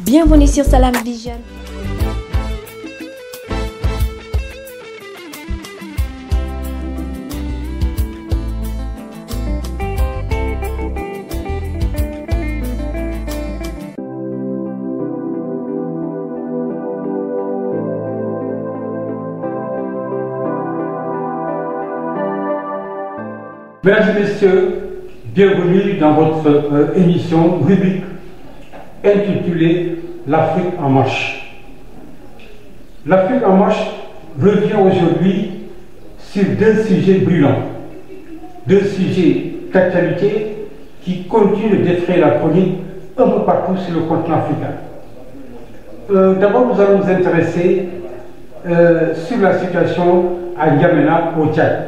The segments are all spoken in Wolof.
Bienvenue sur Salam Vision. Mesdames et messieurs, bienvenue dans votre euh, émission rubrique intitulé L'Afrique en marche. L'Afrique en marche revient aujourd'hui sur deux sujets brûlants, deux sujets d'actualité qui continuent d'effrayer la chronique un peu partout sur le continent africain. Euh, D'abord, nous allons nous intéresser euh, sur la situation à N'Djamena, au Tchad.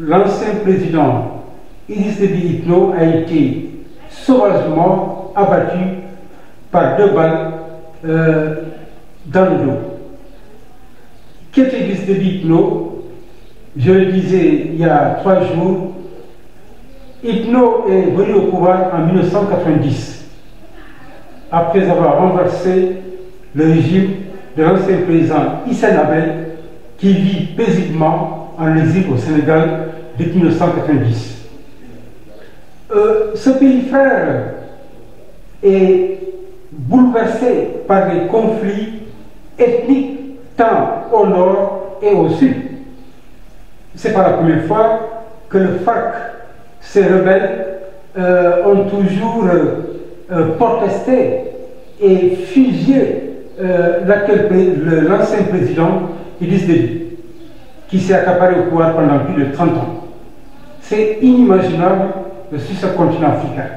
L'ancien président Idriss Déby Itno a été sauvagement abattu par deux balles euh, dans le dos. Kétégus de Hypno, je le disais il y a trois jours, Hypno est venu au pouvoir en après avoir renversé le régime de l'ancien président Hissène Abel, qui vit paisiblement en exil au Sénégal depuis euh, ce pays frère est bouleversée par les conflits ethniques tant au nord et au sud. C'est pas la première fois que le FARC, ces rebelles, euh, ont toujours euh, protesté et fusillé euh, l'ancien président Idriss Déby, qui s'est accaparé au pouvoir pendant plus de 30 ans. C'est inimaginable sur ce continent africain.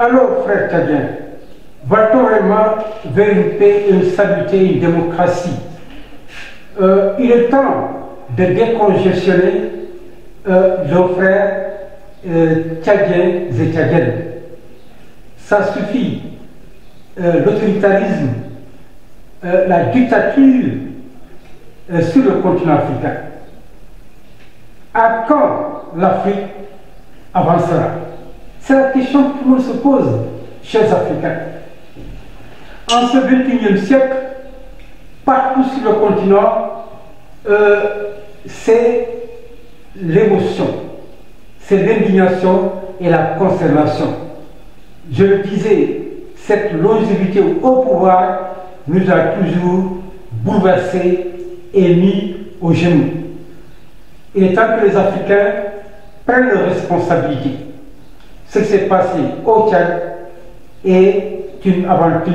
Alors, frère Tchadien, va-t-on vraiment vers une paix, une démocratie euh, Il est temps de décongestionner euh, nos frères euh, et tchadiennes. Ça suffit. Euh, l'autoritarisme, la dictature sur le continent africain. À quand l'Afrique avancera C'est la question que tout le monde se pose chez les Africains. En ce 21e siècle, partout sur le continent, euh, c'est l'émotion, c'est l'indignation et la conservation. Je le disais, cette longévité au pouvoir nous a toujours bouleversés et mis au genou. Il est que les Africains prennent leurs responsabilités ce qui s'est passé au Tchad est une aventure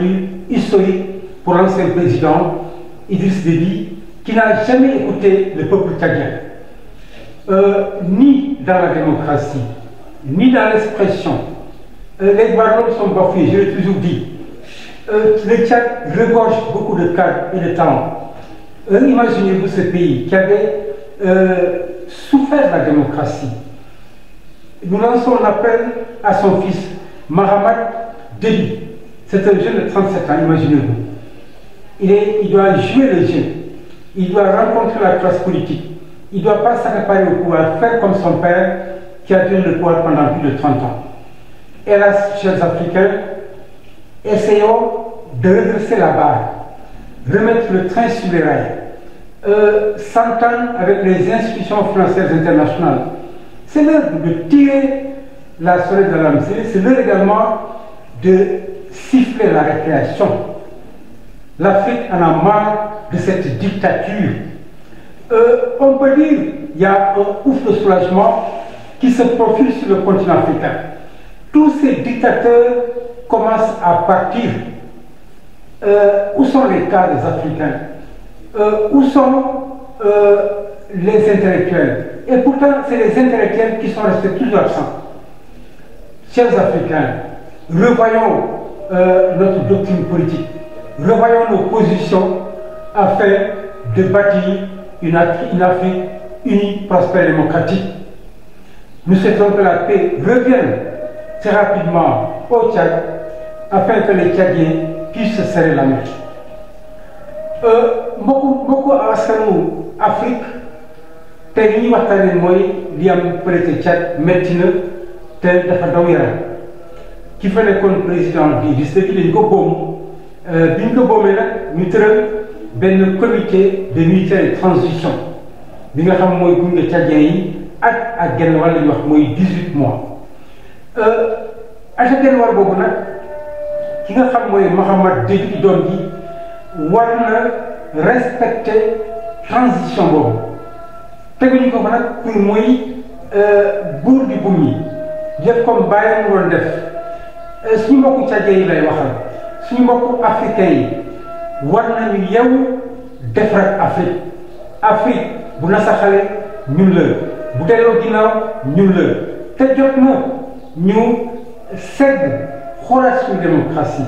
historique pour l'ancien président Idriss Déby, qui n'a jamais écouté le peuple tchadien, euh, ni dans la démocratie, ni dans l'expression. Euh, les barons sont bafoués, je l'ai toujours dit. Euh, le Tchad regorge beaucoup de cadres et de talents. Euh, imaginez-vous ce pays qui avait souffert la démocratie, nous lançons l'appel à son fils, Mahamat Déby. C'est un jeune de 37 ans, imaginez-vous. Il, est, il doit jouer le jeu. Il doit rencontrer la classe politique. Il doit pas s'accaparer au pouvoir, faire comme son père qui a tenu le pouvoir pendant plus de 30 ans. Hélas, chers Africains, essayons de redresser la barre, remettre le train sur les rails, euh, s'entendre avec les institutions françaises internationales, C'est l'heure de tirer la soirée de l'âme. C'est l'heure également de siffler la récréation. L'Afrique en a marre de cette dictature. Euh, on peut dire qu'il y a un ouf soulagement qui se profile sur le continent africain. Tous ces dictateurs commencent à partir. Euh, où sont les cadres africains euh, Où sont euh, les intellectuels Et pourtant, c'est les intellectuels qui sont restés toujours absents. Chers Africains, revoyons euh, notre doctrine politique, revoyons nos positions afin de bâtir une Afrique, unie, prospère démocratique. Nous souhaitons que la paix revienne très rapidement au Tchad afin que les Tchadiens puissent se serrer la main. beaucoup, beaucoup à Afrique, te li ñuy waxtaanee mooy li am fële ca Tchad te dafa daw yaram ki fa nekkoon président bi gis nga fi dañ ko boom euh, bi ñu ko boomee nag ñu tëral benn comité de militaire transition bi nga xam mooy gunge tchadien yi ak ak genn wàll wax mooy dix-huit mois euh, ak genn boobu nag ki nga xam mooy Mahamad Déby doom ji war na respecter transition boobu. teguñu ko fa nag pour mooy euh, buur di bum yi def comme bàyyi mu doon def euh, suñu mbokku càgge yi lay waxal suñu mbokku africain yi war nañu yew defaraat Afrique Afrique bu nasaxale ñun la bu delloo ginnaaw ñun la te jot na ñu sedd xoolaat suñu démocratie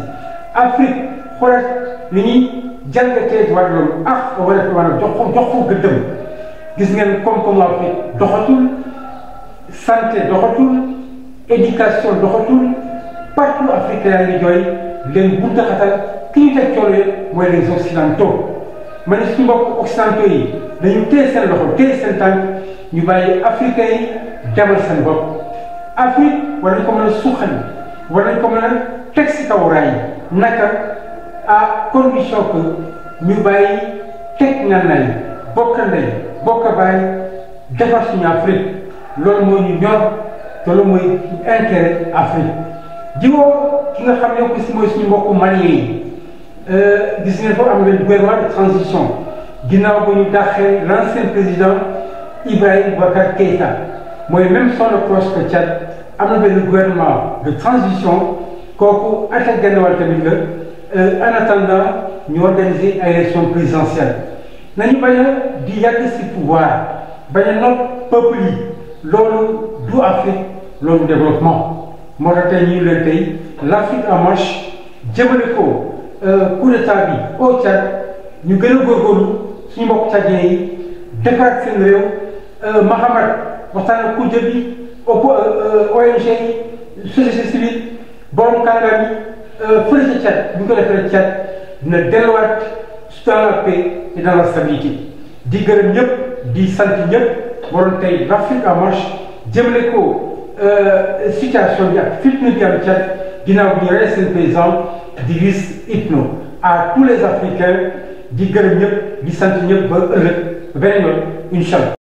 Afrique xoolaat li ñuy jàngatee droit de l'homme ak wala jox ko gis ngeen koom-koom waaw fi doxatul santé doxatul éducation doxatul partout Afrique yaa ngi jooy leen bu taxatal ki ñu teg coono yëpp mooy les occidentaux ma ne suñu mbokk occidentaux yi dañu téye seen loxo téye seen tànk ñu bàyyi africains yi demal seen bopp Afrique war nañ ko mën a suuxal war nañ ko mën a teg si kaw raay naka à condition que ñu bàyyi teg nga nay bokk bokk bàyyi defar suñu Afrique loolu moo ñu ñor te loolu mooy intérêt Afrique di woo ki nga xam ne aussi mooy suñu mbokku Mali yi euh, gis ngeen foofu am na benn gouvernement de transition ginnaaw bu ñu dàqee l'ancien président Ibrahima Boubacar Keïta mooy même son approche que Tchad am na benn gouvernement de transition kooku at ak genn wàll tamit euh, ñu organiser ay élection présidentielle nañu bañ a di yàgg si pouvoir bañ a nopp peuple yi loolu du Afrique loolu développement moo tax tey ñu leen tey l'Afrique en marche jëmale ko euh, coup d'état bi au Tchad ñu gën a góorgóorlu suñu mbokk tchadien yi defaraat seen réew euh, Mahamad waxtaan ak kujje bi ONG euh, yi société civile borom kàngam yi fële ca Tchad bu ñu ko defee Tchad dina delluwaat dans la paix et dans la stabilité di gërëm ñëpp di sant ñëpp waroon tey Afrique en marche jëmale ko euh, situation bi ak fitna bi am Tchad ginnaaw bi rey seen paysan Idriss Itno à tous les Africains di gërëm ñëpp di sant ñëpp ba ëllëg beneen